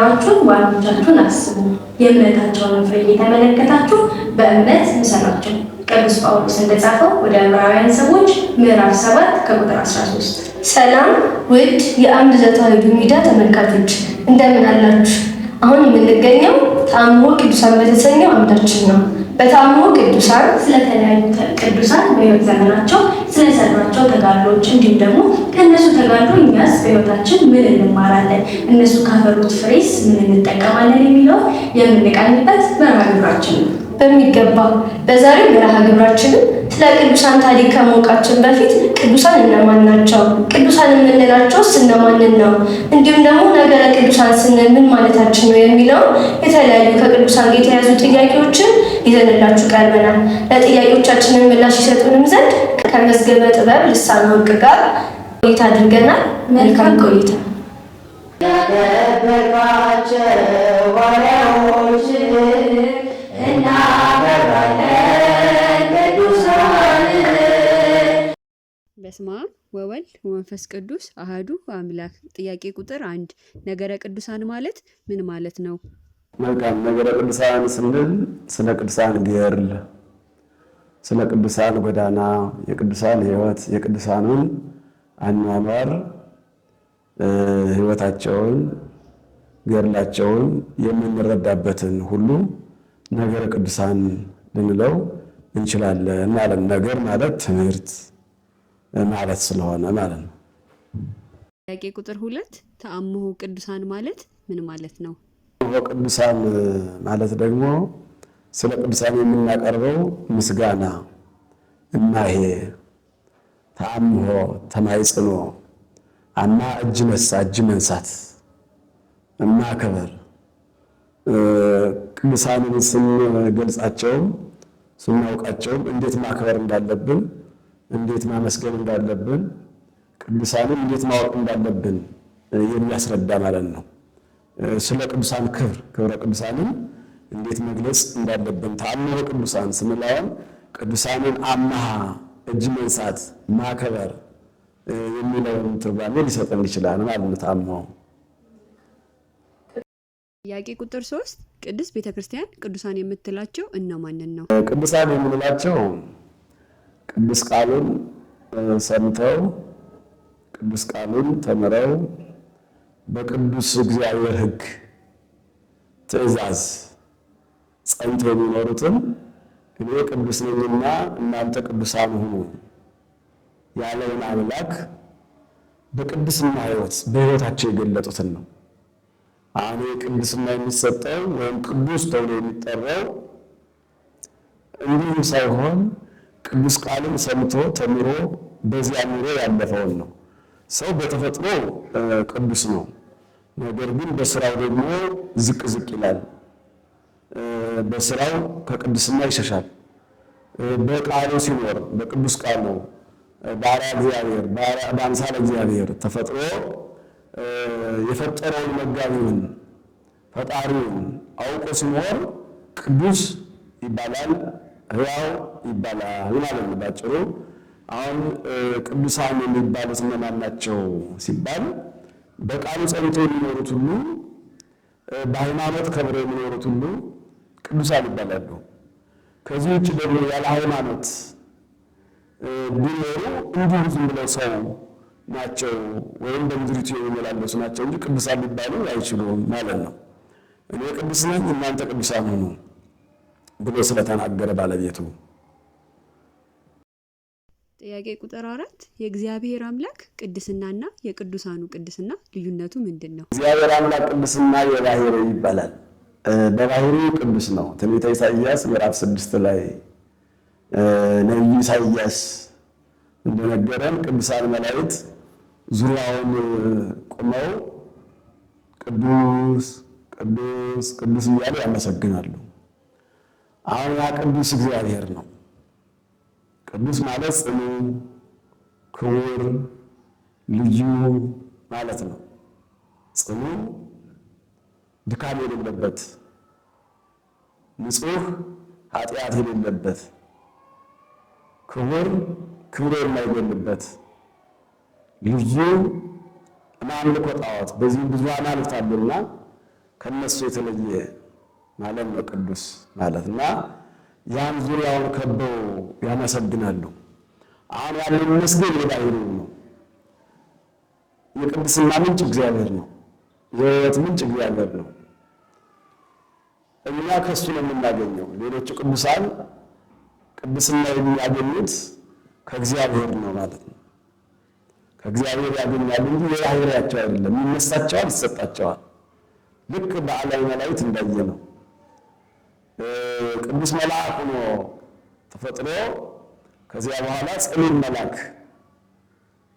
የነገሯችሁን ዋኖቻችሁን አስቡ፣ የእምነታቸውን ፍሬ የተመለከታችሁ በእምነት ምሰሏቸው። ቅዱስ ጳውሎስ እንደጻፈው ወደ ዕብራውያን ሰዎች ምዕራፍ 7 ከቁጥር 13። ሰላም ውድ የአምድ ዘተዋሕዶ ሚዲያ ተመልካቾች እንደምን አላችሁ? አሁን የምንገኘው ተአምኆ ቅዱሳን በተሰኘው አምዳችን ነው። በታምኖ ቅዱሳን ስለተለያዩ ቅዱሳን በህይወት ዘመናቸው ስለሰሯቸው ተጋድሎዎች እንዲሁም ደግሞ ከእነሱ ተጋድሎ እኛስ በህይወታችን ምን እንማራለን፣ እነሱ ካፈሩት ፍሬስ ምን እንጠቀማለን የሚለው የምንቃኝበት መርሃ ግብራችን ነው። በሚገባ በዛሬው መርሃ ግብራችንም ስለ ቅዱሳን ታሪክ ከማወቃችን በፊት ቅዱሳን እነማን ናቸው? ቅዱሳን የምንላቸው እነማንን ነው? እንዲሁም ደግሞ ነገረ ቅዱሳን ስንል ምን ማለታችን ነው የሚለው የተለያዩ ከቅዱሳን ጋር የተያዙ ጥያቄዎችን ይዘንላችሁ ቀርበናል። ለጥያቄዎቻችንን ምላሽ ይሰጡንም ዘንድ ከመዝገበ ጥበብ ልሳነ ወርቅ ጋር ቆይታ አድርገናል። መልካም ቆይታ ያደረጋቸው በስመ አብ ወወልድ ወመንፈስ ቅዱስ አህዱ አምላክ። ጥያቄ ቁጥር አንድ ነገረ ቅዱሳን ማለት ምን ማለት ነው? መልካም። ነገረ ቅዱሳን ስንል ስለ ቅዱሳን ገድል፣ ስለ ቅዱሳን ጎዳና፣ የቅዱሳን ሕይወት፣ የቅዱሳኑን አኗኗር ሕይወታቸውን ገድላቸውን የምንረዳበትን ሁሉ ነገረ ቅዱሳን ልንለው እንችላለን ማለት ነገር ማለት ትምህርት ማለት ስለሆነ ማለት ነው። ጥያቄ ቁጥር ሁለት ተአምሁ ቅዱሳን ማለት ምን ማለት ነው? ቅዱሳን ማለት ደግሞ ስለ ቅዱሳን የምናቀርበው ምስጋና እማሄ ተአምሆ ተማይጽኖ አማ እጅ ነሳ እጅ መንሳት እማ ቅዱሳንን ስንገልጻቸውም ስናውቃቸውም እንዴት ማክበር እንዳለብን፣ እንዴት ማመስገን እንዳለብን፣ ቅዱሳንን እንዴት ማወቅ እንዳለብን የሚያስረዳ ማለት ነው። ስለ ቅዱሳን ክብር ክብረ ቅዱሳንን እንዴት መግለጽ እንዳለብን ተአምረ ቅዱሳን ስንለውን ቅዱሳንን አመሃ እጅ መንሳት ማክበር የሚለውን ትርጓሜ ሊሰጠን ይችላል ማለት ነው። ጥያቄ ቁጥር ሶስት ቅድስት ቤተ ክርስቲያን ቅዱሳን የምትላቸው እነማንን ነው? ቅዱሳን የምንላቸው ቅዱስ ቃሉን ሰምተው ቅዱስ ቃሉን ተምረው በቅዱስ እግዚአብሔር ሕግ ትእዛዝ ጸንቶ የሚኖሩትን እኔ ቅዱስ ነኝና እናንተ ቅዱሳን ሁኑ ያለውን አምላክ በቅድስና ሕይወት በሕይወታቸው የገለጡትን ነው። አሁን ቅድስና የሚሰጠው ወይም ቅዱስ ተብሎ የሚጠራው እንዲሁም ሳይሆን ቅዱስ ቃልን ሰምቶ ተምሮ በዚያ ኑሮ ያለፈውን ነው። ሰው በተፈጥሮ ቅዱስ ነው። ነገር ግን በስራው ደግሞ ዝቅ ዝቅ ይላል። በስራው ከቅድስና ይሸሻል። በቃሉ ሲኖር በቅዱስ ቃል ነው። በአራ እግዚአብሔር በአምሳለ እግዚአብሔር ተፈጥሮ የፈጠረውን መጋቢውን ፈጣሪውን አውቆ ሲኖር ቅዱስ ይባላል፣ ሕያው ይባላል ማለት ነው ባጭሩ። አሁን ቅዱሳን የሚባሉት እነማን ናቸው ሲባል በቃሉ ጸንተው የሚኖሩት ሁሉ በሃይማኖት ከብረው የሚኖሩት ሁሉ ቅዱሳን ይባላሉ። ከዚህ ውጭ ደግሞ ያለ ሃይማኖት ቢኖሩ እንዲሁ ዝም ብለው ሰው ናቸው ወይም በምድሪቱ የሚመላለሱ ናቸው እንጂ ቅዱሳን ሊባሉ አይችሉም ማለት ነው። እኔ ቅዱስ ነኝ፣ እናንተ ቅዱሳን ሁኑ ብሎ ስለተናገረ ባለቤቱ። ጥያቄ ቁጥር አራት የእግዚአብሔር አምላክ ቅድስናና የቅዱሳኑ ቅድስና ልዩነቱ ምንድን ነው? እግዚአብሔር አምላክ ቅድስና የባህሪ ይባላል። በባህሪው ቅዱስ ነው። ትንቢተ ኢሳይያስ ምዕራፍ ስድስት ላይ ነቢዩ ኢሳይያስ እንደነገረን ቅዱሳን መላእክት ዙሪያውን ቆመው ቅዱስ ቅዱስ ቅዱስ እያሉ ያመሰግናሉ። አሁን ያ ቅዱስ እግዚአብሔር ነው። ቅዱስ ማለት ጽኑ፣ ክቡር፣ ልዩ ማለት ነው። ጽኑ፣ ድካም የሌለበት ንጹህ ኃጢአት የሌለበት ክቡር፣ ክብሮ የማይጎልበት ብዙ ማምልኮ ጣዖት በዚህም ብዙ አማልክት አሉና ከነሱ የተለየ ማለት ነው ቅዱስ ማለት እና ያን ዙሪያውን ከበው ያመሰግናሉ። አሁን ያለው መስገን የባህሩ ነው። የቅድስና ምንጭ እግዚአብሔር ነው። የሕይወት ምንጭ እግዚአብሔር ነው። እኛ ከሱ ነው የምናገኘው። ሌሎቹ ቅዱሳን ቅድስና የሚያገኙት ከእግዚአብሔር ነው ማለት ነው። እግዚአብሔር ያገኛል እንጂ የባህሪያቸው አይደለም። ይነሳቸዋል፣ ይሰጣቸዋል። ልክ በዓላዊ መላእክት እንዳየ ነው። ቅዱስ መልአክ ሆኖ ተፈጥሮ ከዚያ በኋላ ጸሊም መልአክ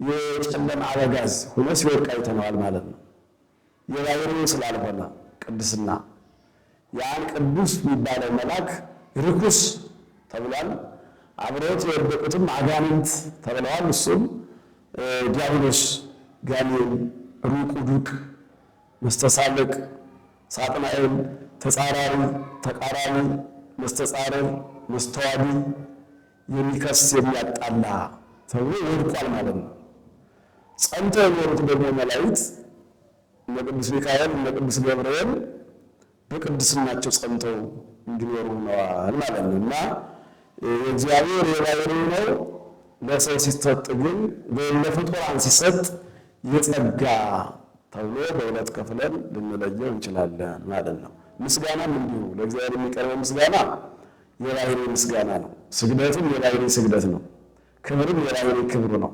የጨለማ አበጋዝ ሆኖ ሲወድቅ አይተነዋል ማለት ነው። የባህሪው ስላልሆነ ቅድስና ያን ቅዱስ የሚባለው መልአክ ርኩስ ተብሏል። አብረውት የወደቁትም አጋንንት ተብለዋል። እሱም ዲያብሎስ ጋኔን፣ ሩቁ ዱቅ፣ መስተሳለቅ፣ ሳጥናኤል፣ ተጻራሪ፣ ተቃራኒ፣ መስተጻረር፣ መስተዋቢ፣ የሚከስ የሚያጣላ ተብሎ ወድቋል ማለት ነው። ጸንተው የኖሩት ደግሞ መላእክት እነ ቅዱስ ሚካኤል እነ ቅዱስ ገብርኤል በቅድስናቸው ጸንተው እንዲኖሩ ሆነዋል ማለት ነው እና የእግዚአብሔር የባሕርይ ነው ለሰው ሲሰጥ ግን ወይም ለፍጡራን ሲሰጥ የጸጋ ተብሎ በሁለት ከፍለን ልንለየው እንችላለን ማለት ነው። ምስጋናም እንዲሁ ለእግዚአብሔር የሚቀርበው ምስጋና የባህሪ ምስጋና ነው። ስግደትም የባህሪ ስግደት ነው። ክብርም የባህሪ ክብር ነው።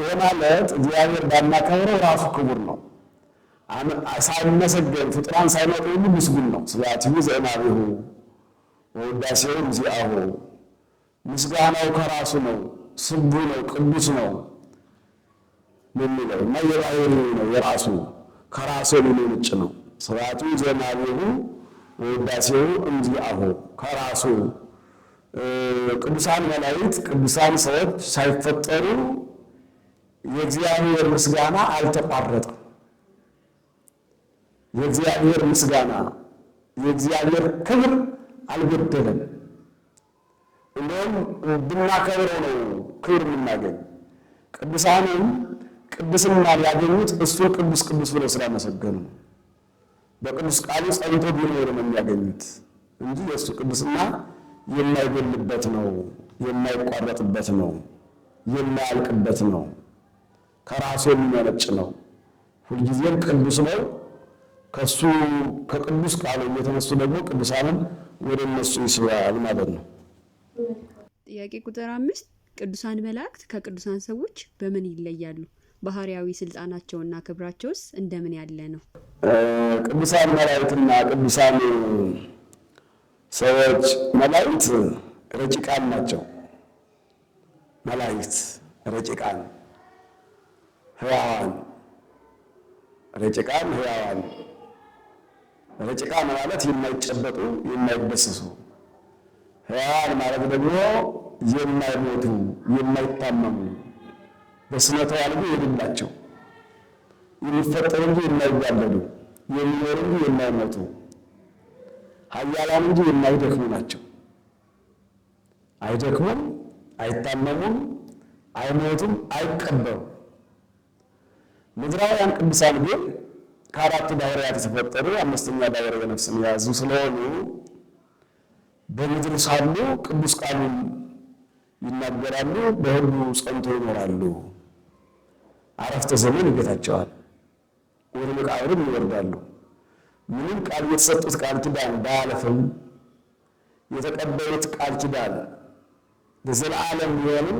ይህ ማለት እግዚአብሔር ባናከብረው ራሱ ክቡር ነው። ሳይመሰገን ፍጡራን ሳይመጡ ሁሉ ምስጉን ነው። ስብሐቲሁ ዘእናቢሁ ወውዳሴው እግዚአብሔር ምስጋናው ከራሱ ነው። ስቡ ነው ቅዱስ ነው የሚለው እና የባህሪ ነው የራሱ ከራሱ የሚመነጭ ነው። ስብሐቱ ዘማሪሁ ወውዳሴሁ እምዚአሁ ከራሱ ቅዱሳን መላእክት ቅዱሳን ሰዎች ሳይፈጠሩ የእግዚአብሔር ምስጋና አልተቋረጠም። የእግዚአብሔር ምስጋና የእግዚአብሔር ክብር አልጎደለም። እንደውም ብናከብረው ነው ክብር የምናገኝ ቅዱሳንም ቅድስና ያገኙት እሱን ቅዱስ ቅዱስ ብለው ስላመሰገኑ በቅዱስ ቃሉ ጸንቶ ቢኖር ነው የሚያገኙት እንጂ የእሱ ቅዱስና የማይጎልበት ነው፣ የማይቋረጥበት ነው፣ የማያልቅበት ነው፣ ከራሱ የሚመነጭ ነው። ሁልጊዜም ቅዱስ ነው። ከሱ ከቅዱስ ቃሉ የተነሱ ደግሞ ቅዱሳንን ወደ እነሱ ይስባል ማለት ነው። ጥያቄ ቁጥር አምስት ቅዱሳን መላእክት ከቅዱሳን ሰዎች በምን ይለያሉ? ባህሪያዊ ስልጣናቸውና ክብራቸውስ እንደምን ያለ ነው? ቅዱሳን መላእክትና ቅዱሳን ሰዎች መላእክት ረጭቃን ናቸው። መላእክት ረጭቃን ሕያዋን ረጭቃን ሕያዋን ረጭቃን ማለት የማይጨበጡ የማይበስሱ ሕያዋን ማለት ደግሞ የማይሞቱ የማይታመሙ በስነ ተዋልዶ የሌላቸው የሚፈጠሩ እንጂ የማይዋለዱ የሚኖሩ እንጂ የማይሞቱ ኃያላን እንጂ የማይደክሙ ናቸው። አይደክሙም፣ አይታመሙም፣ አይሞቱም፣ አይቀበሩ። ምድራውያን ቅዱሳን ግን ከአራቱ ባህርያት የተፈጠሩ አምስተኛ ባህርይ ነፍስን የያዙ ስለሆኑ በምድር ሳሉ ቅዱስ ቃሉን ይናገራሉ፣ በሕጉ ጸንቶ ይኖራሉ። አረፍተ ዘመን ይገታቸዋል፣ ወደ መቃብርም ይወርዳሉ። ምንም ቃል የተሰጡት ቃል ኪዳን ባያለፍም የተቀበሉት ቃል ኪዳን ለዘለዓለም ቢሆንም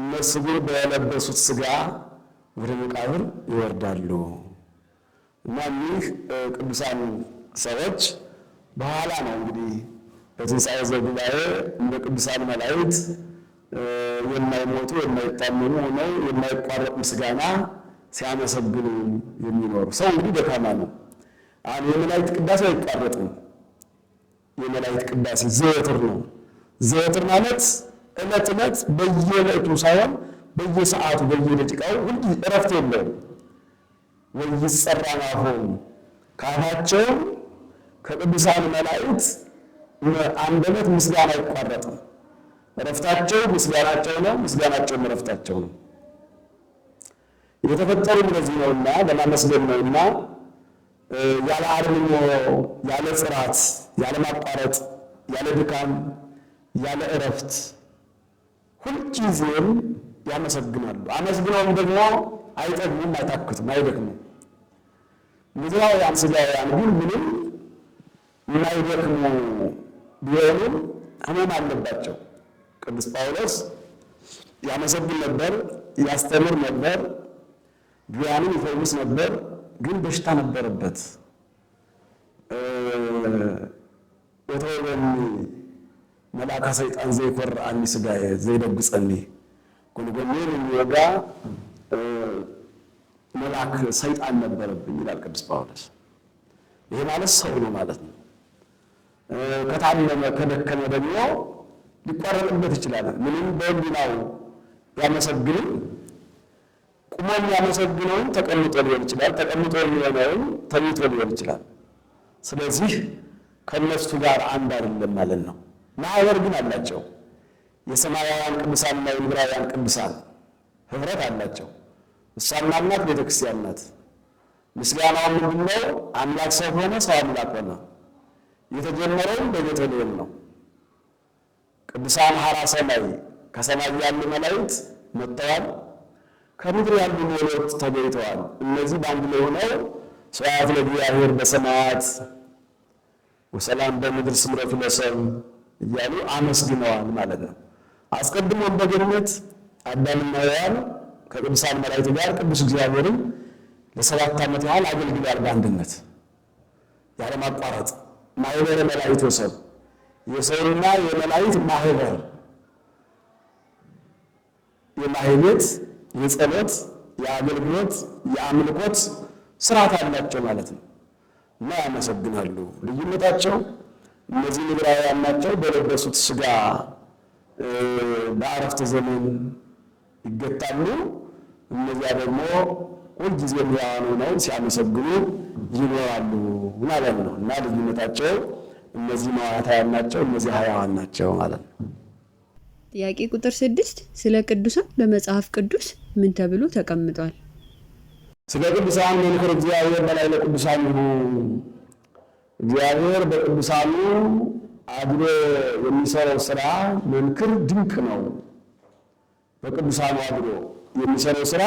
እነሱ ግን በለበሱት ስጋ ወደ መቃብር ይወርዳሉ እና እኒህ ቅዱሳን ሰዎች በኋላ ነው እንግዲህ በትንሣኤ ዘጉባኤ እንደ ቅዱሳን መላእክት የማይሞቱ የማይታመኑ ሆነው የማይቋረጥ ምስጋና ሲያመሰግኑ የሚኖሩ ሰው እንግዲህ ደካማ ነው። አሁን የመላእክት ቅዳሴ አይቋረጥም። የመላእክት ቅዳሴ ዘወትር ነው። ዘወትር ማለት ዕለት ዕለት በየዕለቱ ሳይሆን በየሰዓቱ በየደቂቃው ሁል እረፍት የለውም። ወይ ናሆም ካፋቸው ከቅዱሳን መላእክት አንደበት ምስጋና አይቋረጥም። እረፍታቸው ምስጋናቸው ነው፣ ምስጋናቸውም እረፍታቸው ነው። የተፈጠሩ እንደዚህ ነውና ለማመስገን ነውና ያለ አርምሞ ያለ ጽራት ያለ ማቋረጥ ያለ ድካም ያለ እረፍት ሁልጊዜም ያመሰግናሉ። አመስግነውም ደግሞ አይጠግሙም፣ አይታክቱም፣ አይደክሙም። ምድራውያን ሥጋውያን ግን ምንም የማይደክሙ ቢሆኑም ህመም አለባቸው። ቅዱስ ጳውሎስ ያመሰግን ነበር፣ ያስተምር ነበር፣ ቢያንም ይፈውስ ነበር። ግን በሽታ ነበረበት። ወተወበኒ መልአከ ሰይጣን ዘይኮርአኒ ሥጋየ ዘይደግፀኒ፣ ጎንጎኔን የሚወጋ መልአክ ሰይጣን ነበረብኝ ይላል ቅዱስ ጳውሎስ። ይሄ ማለት ሰው ነው ማለት ነው። ከታመመ ከደከመ ደግሞ ሊቋረጥበት ይችላል። ምንም በሕሊናው ያመሰግንም ቁሞ የሚያመሰግነውን ተቀምጦ ሊሆን ይችላል። ተቀምጦ የሚሆነውን ተኝቶ ሊሆን ይችላል። ስለዚህ ከእነሱ ጋር አንድ አይደለም ማለት ነው። ማህበር ግን አላቸው። የሰማያውያን ቅዱሳንና የምድራውያን ቅዱሳን ህብረት አላቸው። እሷም አምናት ቤተክርስቲያን ናት። ምስጋናው ምንድነው? አምላክ ሰው ሆነ፣ ሰው አምላክ ሆነ። የተጀመረውም በቤተልሔም ነው። ቅዱሳን ሀራ ሰማይ ከሰማይ ያሉ መላእክት መጥተዋል። ከምድር ያሉ መኖት ተገኝተዋል። እነዚህ በአንድ ላይ ሆነው ስብሐት ለእግዚአብሔር በሰማያት ወሰላም በምድር ስምረቱ ለሰብ እያሉ አመስግነዋል ማለት ነው። አስቀድሞም በገነት አዳምና ሔዋን ከቅዱሳን መላእክት ጋር ቅዱስ እግዚአብሔርን ለሰባት ዓመት ያህል አገልግሏል በአንድነት ያለማቋረጥ ማህበረ መላእክት ወሰብ የሰውና የመላእክት ማህበር የማህበት የጸሎት የአገልግሎት የአምልኮት ስርዓት አላቸው ማለት ነው እና ያመሰግናሉ። ልዩነታቸው እነዚህ ምድራውያን ናቸው በለበሱት ስጋ በአረፍተ ዘመን ይገታሉ። እነዚያ ደግሞ ሁልጊዜ የሚያኑነውን ሲያመሰግኑ ይኖራሉ ማለት ነው። እና ልዩነታቸው እነዚህ መዋዕት ናቸው፣ እነዚህ ሀያዋን ናቸው ማለት ነው። ጥያቄ ቁጥር ስድስት ስለ ቅዱሳን በመጽሐፍ ቅዱስ ምን ተብሎ ተቀምጧል? ስለ ቅዱሳን መንክር እግዚአብሔር በላይ ለቅዱሳን ይሁን። እግዚአብሔር በቅዱሳኑ አድሮ የሚሰራው ስራ መንክር ድንቅ ነው። በቅዱሳኑ አድሮ የሚሰራው ስራ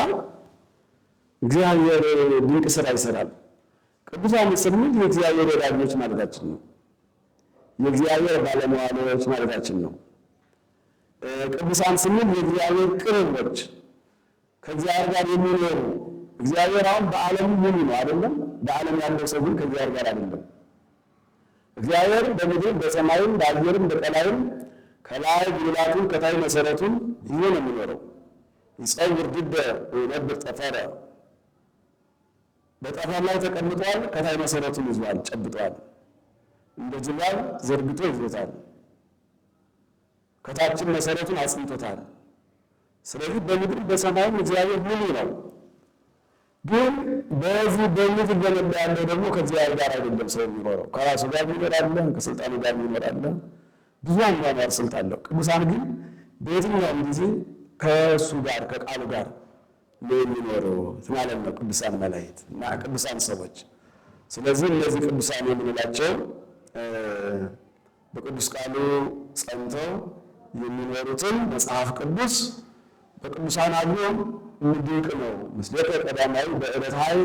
እግዚአብሔር ድንቅ ስራ ይሰራል። ቅዱሳን ስንል የእግዚአብሔር ወዳጆች ማለታችን ነው። የእግዚአብሔር ባለመዋሎች ማለታችን ነው። ቅዱሳን ስንል የእግዚአብሔር ቅርቦች፣ ከእግዚአብሔር ጋር የሚኖሩ እግዚአብሔር አሁን በዓለም ሙሉ ነው አይደለም። በዓለም ያለው ሰው ግን ከእግዚአብሔር ጋር አይደለም። እግዚአብሔር በምድር በሰማይም በአየርም በቀላይም ከላይ ጉልላቱን ከታይ መሰረቱን ይሄ ነው የሚኖረው ይጸውር ድበ ነብር ጠፈረ በጣፋን ላይ ተቀምጧል። ከታይ መሰረቱን ይዟል፣ ጨብጧል። እንደ ጅላል ዘርግቶ ይዞታል። ከታችን መሰረቱን አጽንቶታል። ስለዚህ በምድር በሰማይም እግዚአብሔር ሙሉ ነው። ግን በዚህ በምድር በመላ ያለው ደግሞ ከእግዚአብሔር ጋር አይደለም ሰው የሚኖረው፣ ከራሱ ጋር የሚኖር ከስልጣኑ ጋር የሚኖር ብዙ አኗኗር ስልት አለው። ቅዱሳን ግን በየትኛውም ጊዜ ከእሱ ጋር ከቃሉ ጋር የሚኖሩ ማለት ነው ቅዱሳን መላእክት እና ቅዱሳን ሰዎች። ስለዚህ እነዚህ ቅዱሳን የምንላቸው በቅዱስ ቃሉ ጸንተው የሚኖሩትን መጽሐፍ ቅዱስ በቅዱሳን አግኖ ምድቅ ነው ምስሌከ ቀዳማዊ በዕለት ኃይል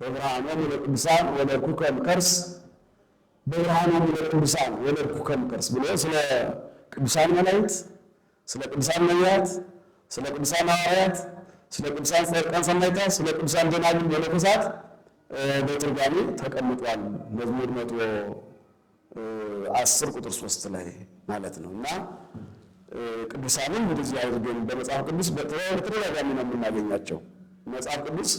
በብርሃኖም ለቅዱሳን ወለድኩከም ከርስ በብርሃኖም ለቅዱሳን ወለድኩከም ከርስ ብሎ ስለ ቅዱሳን መላእክት፣ ስለ ቅዱሳን ነቢያት፣ ስለ ቅዱሳን ሐዋርያት ስለ ቅዱሳን ጻድቃን ሰማዕታት፣ ስለ ቅዱሳን ደናግል መነኮሳት በትርጓሜ ተቀምጧል። መዝሙር መቶ አስር ቁጥር ሶስት ላይ ማለት ነው እና ቅዱሳንም እንደዚህ አድርገን በመጽሐፍ ቅዱስ በተደጋጋሚ ነው የምናገኛቸው። መጽሐፍ ቅዱስ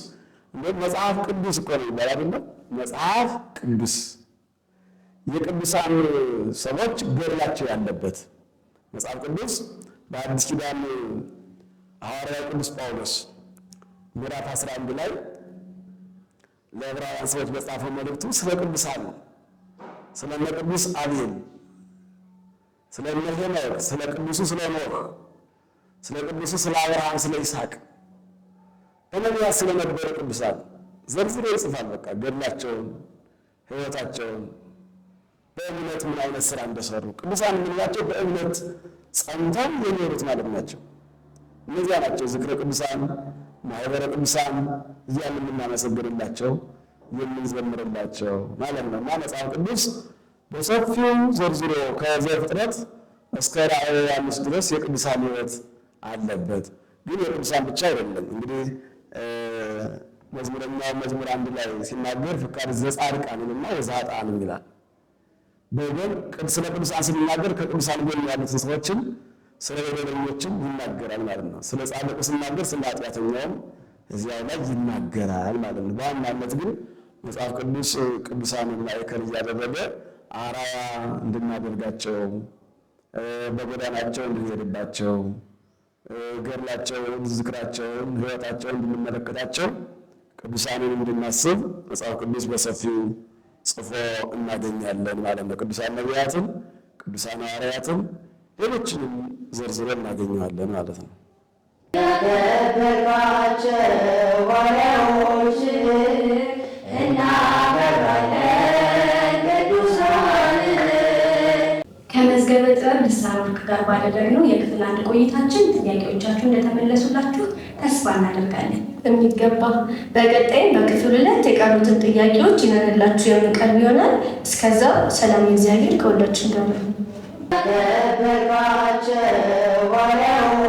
እንዴት መጽሐፍ ቅዱስ እኮ ነው ይባላል አይደለም? መጽሐፍ ቅዱስ የቅዱሳን ሰዎች ገድላቸው ያለበት መጽሐፍ ቅዱስ በአዲስ ኪዳን ሐዋርያው ቅዱስ ጳውሎስ ምዕራፍ 11 ላይ ለዕብራውያን ሰዎች በጻፈው መልእክቱ ስለ ቅዱሳን ስለ እነ ቅዱስ አብኤል፣ ስለ እነ ሄኖክ፣ ስለ ቅዱሱ ስለ ኖህ፣ ስለ ቅዱሱ ስለ አብርሃም፣ ስለ ይስሐቅ እነዚያ ስለነበረ ቅዱሳን ዘርዝሮ ይጽፋል። በቃ ገድላቸውን፣ ሕይወታቸውን በእምነት ምን አይነት ስራ እንደሰሩ ቅዱሳን የምንላቸው በእምነት ጸንተው የሚኖሩት ማለት ናቸው። እነዚያ ናቸው ዝክረ ቅዱሳን፣ ማህበረ ቅዱሳን እዚያ የምናመሰግንላቸው የምንዘምርላቸው ማለት ነው። እና መጽሐፍ ቅዱስ በሰፊው ዘርዝሮ ከዘፍጥረት እስከ ራእይ ዮሐንስ ድረስ የቅዱሳን ህይወት አለበት። ግን የቅዱሳን ብቻ አይደለም። እንግዲህ መዝሙረኛው መዝሙር አንድ ላይ ሲናገር ፍቃድ ዘጻድቃንንና የዛጣንን ይላል። በወገን ስለ ቅዱሳን ስንናገር ከቅዱሳን ጎን ያሉትን ሰዎችን ስለ በደለኞችም ይናገራል ማለት ነው። ስለ ጻድቁ ሲናገር ስለ ኃጢአተኛውም እዚያው ላይ ይናገራል ማለት ነው። በዋናነት ግን መጽሐፍ ቅዱስ ቅዱሳን ማዕከል እያደረገ አራያ እንድናደርጋቸው በጎዳናቸው እንድንሄድባቸው ገድላቸውን፣ ዝክራቸውን፣ ሕይወታቸውን እንድንመለከታቸው ቅዱሳንን እንድናስብ መጽሐፍ ቅዱስ በሰፊው ጽፎ እናገኛለን ማለት ነው። ቅዱሳን ነቢያትም ቅዱሳን ሐዋርያትም ሌሎችንም ዘርዝረን እናገኘዋለን ማለት ነው። ያከበርካቸው ባሪያዎችን እናከብራለን። ከመዝገበ ጥበብ ንስሐ ወርቅ ጋር ባደረግነው የክፍል አንድ ቆይታችን ጥያቄዎቻችሁ እንደተመለሱላችሁ ተስፋ እናደርጋለን የሚገባ በቀጣይም በክፍል ሁለት የቀሩትን ጥያቄዎች ይነንላችሁ የምንቀርብ ይሆናል። እስከዛው ሰላም የእግዚአብሔር ከሁላችን ጋር ነበርካቸው ባሪያው